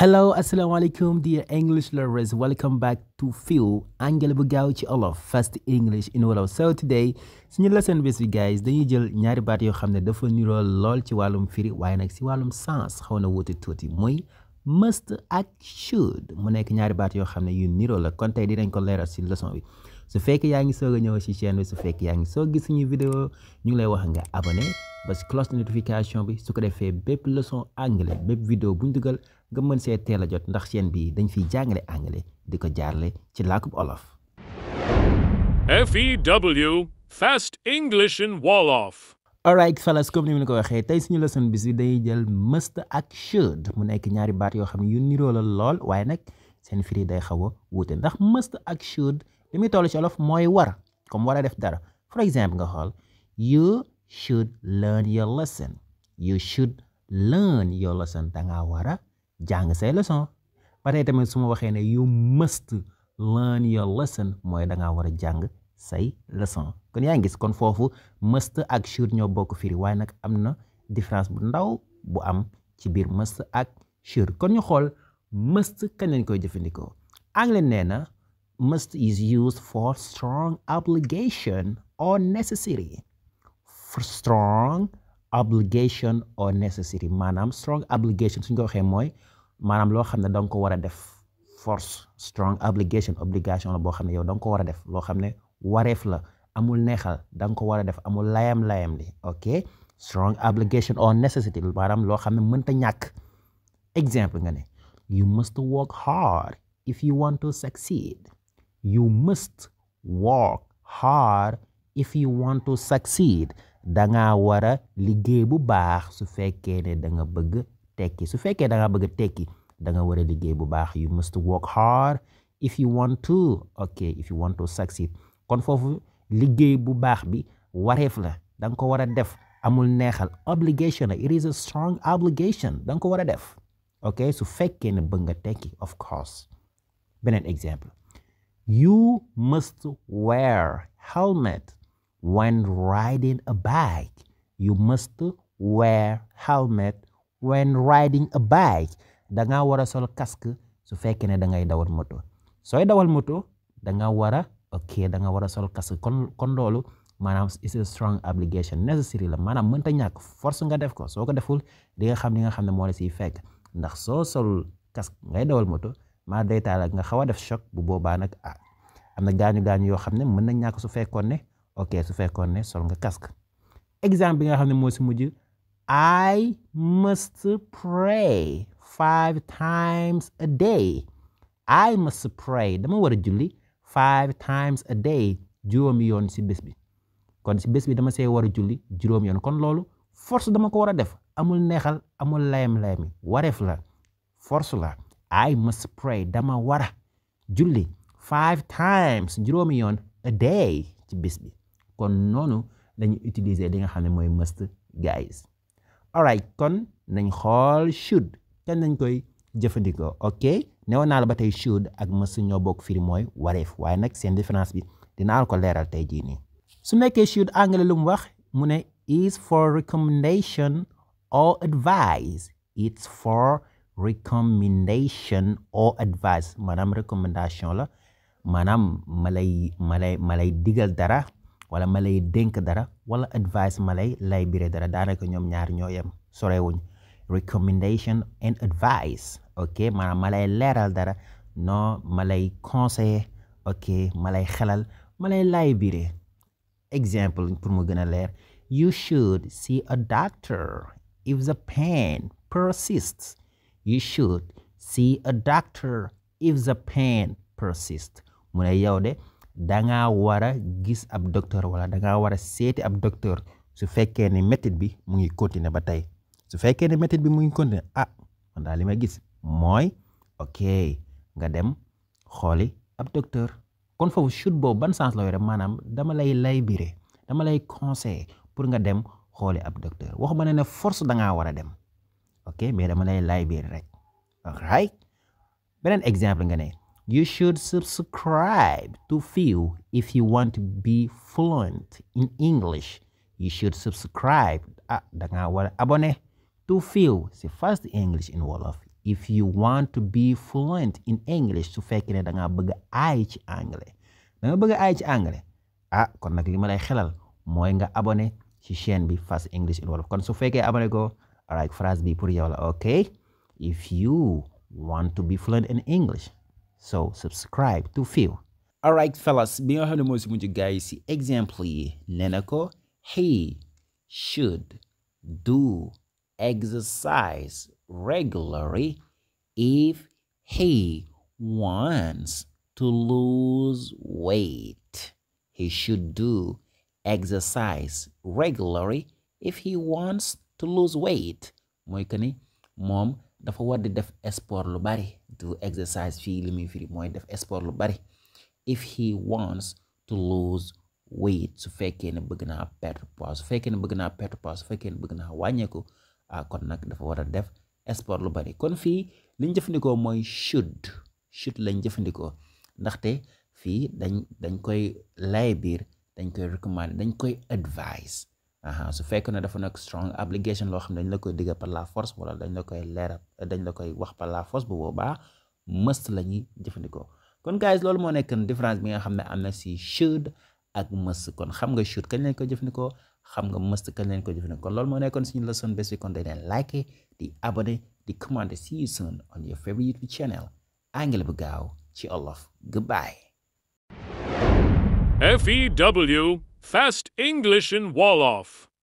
hello asalaamaaleykum dear english learners welcome back to Few Anglais bu gaaw ci olof fast english in wolof so today suñu lesson bés bi dañuy jël ñaari yoo xam ne dafa niroo lool ci wàllum firi waaye nag si wàllum sens xaw na wuute tuuti muy must ak should mu nekk ñaari baat yoo xam ne yu niroo la kon tey dinañ ko leeral si leçon bi su fekk yaa ngi soog a ñëw si chaîne bi su fekk yaa ngi soo gis ñu vidéo ñu ngi lay wax nga abonné ba si cloche notification bi su ko defee bépp leçon anglais bépp vidéo buñ dugal nga mën see teel a jot ndax seen bii dañ fiy jàngale anglais di ko jaarale ci làkkub olof. FEW Fast English in Wolof. alright fellas comme ni mu ko waxee tey suñu leçon bis bi dañuy jël must ak should mu nekk ñaari baat yoo xam ne yu niroo la lool waaye nag seen firi day xaw a wuute ndax must ak should li muy toll ci olof mooy war comme war a def dara for exemple nga xool you should learn your lesson you should learn your lesson da ngaa war a jàng say leçon ba tey tamit su ma waxee ne you must learn your lesson mooy da ngaa war a jàng say leçon kon yaa ngi gis kon foofu must ak should ñoo bokk firi waaye nag am na différence bu ndaw bu am ci biir must ak should kon ñu xool must kañ lañ koy jëfandikoo anglais nee na must is used for strong obligation or necessary for strong obligation or necessary maanaam strong obligation suñ ko waxee mooy maanaam loo xam ne da nga ko war a def force strong obligation obligation la boo xam ne yow da nga ko war a def loo xam ne wareef la amul neexal da ko war a def amul layam layam li ok strong obligation or necessity maanaam loo xam ne mënta ñàkk exemple nga ne you must work hard if you want to succeed you must work hard if you want to succeed da nga war a liggéey bu baax su fekkee ne da nga bëgg tekki su fekkee da nga bëgg a tekki da nga war a liggéey bu baax you must work hard if you want to ok if you want to succeed kon foofu liggéey bu baax bi wareef la da ko war a def amul neexal obligation la it is a strong obligation da nga ko war a def ok su fekkee ne bëgg nga tekki of course beneen exemple you must wear helmet when riding a bike you must wear helmet when riding a bike da ngaa war sol casque su fekkee ne da ngay dawal moto sooy dawal moto da nga war a ok danga nga war a sol casque kon kon loolu maanaam it's a strong obligation necessary la maanaam mënta ñàkk force nga def ko soo ko deful di xam li nga xam ne moo la siy fekk ndax soo sol casque ngay dawal moto maa day taal ak nga xaw a def choc bu boobaa nag ah am na gaañu gaañu yoo xam ne mën na ñàkk su fekkoon ne ok su fekkoon ne sol nga casque nga xam ne moo si mujj. I must pray five times a day I must pray dama war a julli five times a day juróomi yoon si bés bi kon si bés bi dama see war a julli juróomi yoon kon loolu force dama ko war a def amul neexal amul layam-layam wareef la force la I must pray dama war a julli five times juróomi yoon a day ci bés bi kon noonu dañu utiliser li nga xam ne mooy must guys alright kon nañ xool should kan nañ koy jëfandikoo ok newoon naa la ba tey should ak must ñoo bokk firi mooy wareef waaye nag seen différence bi dinaa ko leeral tey jii nii su nekkee should anglais lu mu wax mu ne is for recommendation or advice it's for recommendation or advice maanaam recommandation la maanaam ma lay ma lay ma lay digal dara wala ma lay dénk dara wala advice ma lay lay biré dara daanaka ñoom ñaar ñoo yem sorewuñ recommendation and advice ok maanaam ma lay leeral dara noo malay lay ok malay lay xelal ma lay bire biré exemple pour mu gën a leer you should see a doctor if the pain persists you should see a doctor if the pain persists mu ne yow de danga war a gis ab docteur wala danga war a seeti ab docteur su fekkee ne métit bi mu ngi continuer ba tey su fekkee ne métit bi mu ngi continuer ah man daal li ma gis mooy ok nga dem xooli ab docteur kon foofu chute boobu ban sens la yore maanaam dama lay lay biire dama lay conseiller pour nga dem xooli ab docteur waxuma ne ne force dangaa war a dem ok mais dama lay lay biir rek right beneen exemple nga ne You should subscribe to Phil if you want to be fluent in English. You should subscribe. Ah, da nga war a abonné si Fast English in Wolof. If you want to be fluent in English su fekkee ne da nga bëgg ay ci anglais da nga bëgg ay ci anglais ah kon nag li ma lay xelal mooy nga abone ci chaîne bi Fast English in kon su fekkee abonné ko alright phrase bi pour yow la ok if you want to be fluent in English. so subscribe to feel alright fellas bi nga xam ne mooy si mujj gars yi si exemple yi nee na ko he should do exercise regularly if he wants to lose weight. He should do exercise regularly if he wants to lose weight. dafa war di def sport lu bari do exercise fii li muy mooy def sport lu bari if he wants to lose weight su fekkee ne bëgg naa perdre poids su fekkee ne bëgg naa perdre poids su fekkee ne bëgg naa wàññeeku ah, kon nag dafa war a def sport lu bari kon fii li jëfandikoo mooy should should lañ jëfandikoo ndaxte fii dañ dañ koy lay biir dañ koy recommander dañ koy advise su fekk ne dafa nekk strong obligation loo xam ne dañ la koy digga par la force wala dañ la koy leeral dañ la koy wax par la force bu boobaa must la ñuy jëfandikoo kon guys loolu moo nekk différence bi nga xam ne am na si should ak must kon xam nga should kañ lañ ko jëfandikoo xam nga mëst kañ lañ ko jëfandikoo kon loolu moo nekkoon suñu la bés bi kon dañ leen like di abonné di commenter see you soon on your favorite YouTube channel anglais bu gaaw ci olof goodbye FEW, Fast English in Wolof.